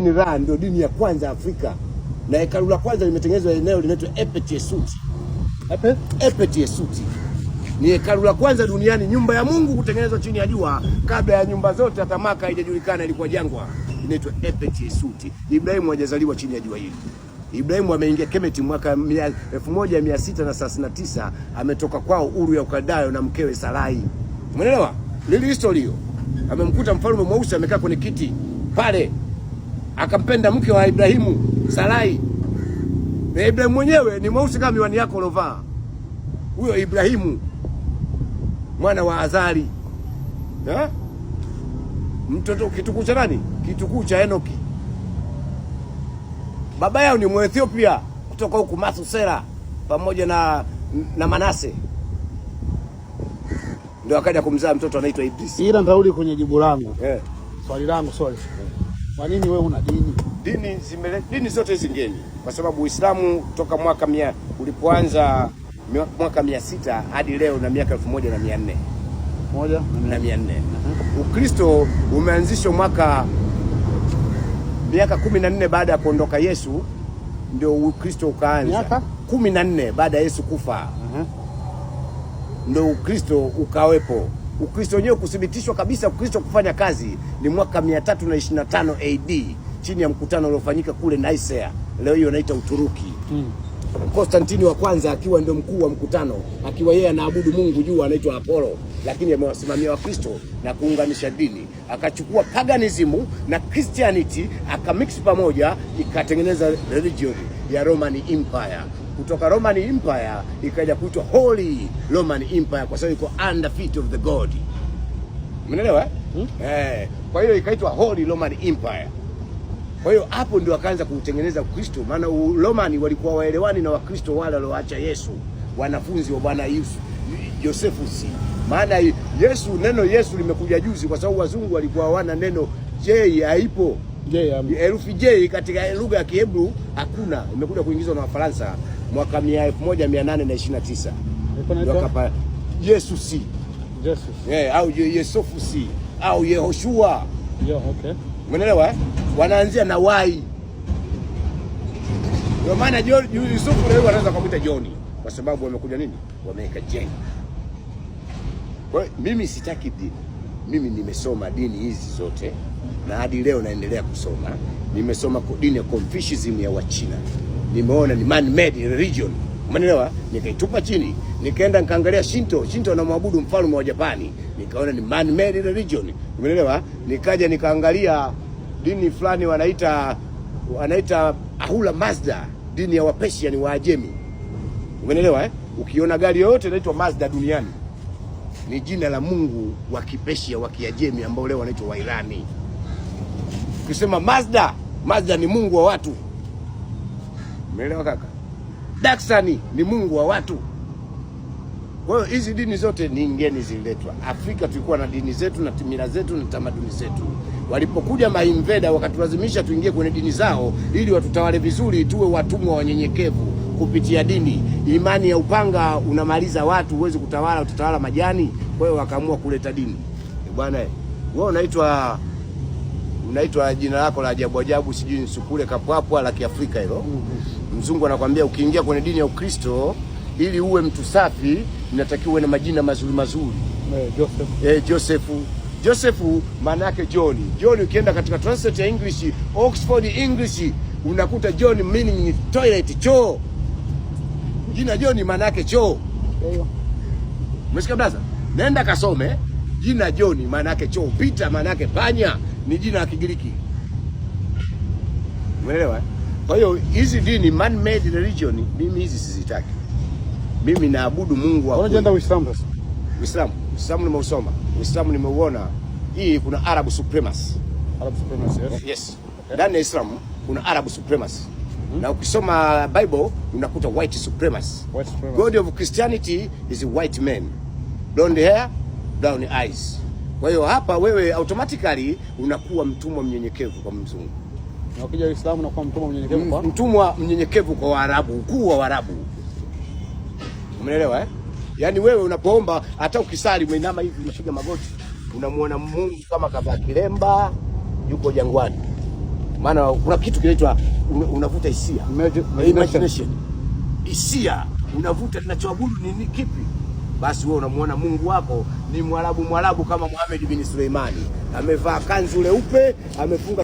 Ni Ra ndio dini ya kwanza Afrika na hekalu la kwanza limetengenezwa eneo linaitwa Epet Epe? Epet Yesuti ni hekalu la kwanza duniani, nyumba ya Mungu kutengenezwa chini ya jua. Kabla ya nyumba zote hata Maka haijajulikana, ilikuwa jangwa. Inaitwa Epet Yesuti. Ibrahimu hajazaliwa chini ya jua hili. Ibrahimu ameingia Kemeti mwaka 1639 ametoka kwao Uru ya Ukadayo na mkewe Sarai. Umeelewa? Lili historia. hiyo. Amemkuta mfalme mweusi amekaa kwenye kiti pale akampenda mke wa Ibrahimu Sarai, na Ibrahimu mwenyewe ni mweusi kama miwani yako ulovaa. Huyo Ibrahimu mwana wa Azari ha? mtoto kitukuu cha nani? Kitukuu cha Enoki. Baba yao ni Mwethiopia kutoka huku Mathusela pamoja na, na Manase ndio akaja kumzaa mtoto anaitwa Idris. Ila ndauli kwenye jibu langu yeah. swali langu yeah. Kwa nini wewe una dini? Dini zimele, dini zote zingeni kwa sababu Uislamu toka mwaka mia ulipoanza mwaka mia sita hadi leo na miaka elfu moja na mia nne moja na mia nne mhm. Ukristo umeanzishwa mwaka miaka kumi na nne baada ya kuondoka Yesu ndio Ukristo ukaanza. Miaka kumi na nne baada ya Yesu kufa mhm. ndio Ukristo ukawepo. Ukristo wenyewe kuthibitishwa kabisa, Ukristo kufanya kazi ni mwaka 325 AD chini ya mkutano uliofanyika kule Nicaea, leo hiyo inaitwa Uturuki mm. Konstantini wa kwanza akiwa ndio mkuu wa mkutano, akiwa yeye anaabudu Mungu juu, anaitwa Apollo, lakini amewasimamia Wakristo na kuunganisha dini. Akachukua paganism na Christianity akamix pamoja, ikatengeneza religion ya Roman Empire kutoka Roman Empire ikaja kuitwa Holy Roman Empire kwa sababu iko under feet of the god. Umeelewa? Eh? Hmm? Eh, kwa hiyo ikaitwa Holy Roman Empire. Kwa hiyo hapo ndio akaanza kutengeneza Ukristo, maana Romani walikuwa waelewani na Wakristo wale walioacha Yesu, wanafunzi wa Bwana Yesu Josefusi. Maana Yesu, neno Yesu limekuja juzi, kwa sababu wazungu walikuwa hawana neno J haipo herufi eh, J katika lugha ya Kiebru hakuna, imekuja kuingizwa na Wafaransa mwaka 1829 pa Yesusi yeah, eh, au Yesofusi au Yehoshua okay. Mwenelewa eh? Wanaanzia na wai, ndio maana Yusufu leo wanaweza kumuita John kwa sababu wamekuja nini, wameweka J. Kwa mimi sitaki dini, mimi nimesoma dini hizi zote na hadi leo naendelea kusoma. Nimesoma dini ya Confucianism ya Wachina, nimeona ni man made religion, umeelewa? Nikaitupa chini, nikaenda nikaangalia Shinto. Shinto anamwabudu mfalme wa Japani, nikaona ni man made religion, umeelewa? Nikaja nikaangalia dini fulani wanaita wanaita Ahura Mazda, dini ya Wapersia ni Waajemi, umeelewa eh? Ukiona gari yoyote inaitwa Mazda duniani ni jina la mungu wa Kipersia wa Kiajemi ambao leo wanaitwa Wairani. Ukisema Mazda, Mazda ni mungu wa watu. Umeelewa kaka? Daksani ni mungu wa watu. Kwa hiyo hizi dini zote ni ngeni, zililetwa Afrika. Tulikuwa na dini zetu na timira zetu na tamaduni zetu. Walipokuja mainveda wakatulazimisha tuingie kwenye dini zao ili watutawale vizuri, tuwe watumwa wanyenyekevu kupitia dini. Imani ya upanga unamaliza watu, huwezi kutawala, utatawala majani. Kwa hiyo wakaamua kuleta dini bwana, wewe unaitwa unaitwa jina lako la ajabu ajabu, sijui sukule kapwapwa la Kiafrika hilo. Mzungu anakwambia ukiingia kwenye dini ya Ukristo ili uwe mtu safi, inatakiwa uwe na majina mazuri mazuri. Eh, Josefu Joseph maana yake John. John ukienda katika translate ya English, Oxford English unakuta John meaning ni toilet, choo. Jina John maana yake choo. Umesikia blaza? Nenda kasome jina John maana yake choo. Peter maana yake panya ni jina la Kigiriki, umeelewa? Eh? Kwa hiyo hizi dini man made religion, mimi hizi sizitaki. Mimi naabudu Mungu wa kweli. Uislamu sasa, Uislamu Uislamu nimeusoma, Uislamu nimeuona. Hii kuna Arab supremacy, Arab supremacy yes, yes. Okay. Ndani ya Islam kuna Arab supremacy -hmm. Na ukisoma Bible unakuta white supremacy. White supremacy. God of Christianity is white men, blonde hair, brown eyes kwa hiyo hapa wewe automatically unakuwa mtumwa mnyenyekevu kwa mzungu na ukija Uislamu unakuwa mtumwa mnyenyekevu kwa mm, mtumwa mnyenyekevu kwa Waarabu, ukuu wa Waarabu. Umeelewa eh? Yaani wewe unapoomba hata ukisali umeinama hivi unapiga magoti, unamwona Mungu kama kavaa kilemba yuko jangwani. Maana kuna kitu kinaitwa unavuta hisia. Imagination. Hisia unavuta, ninachoabudu ni kipi? basi wewe unamwona Mungu wako ni Mwarabu, Mwarabu kama Muhammad bin Suleimani, amevaa kanzu leupe, amefunga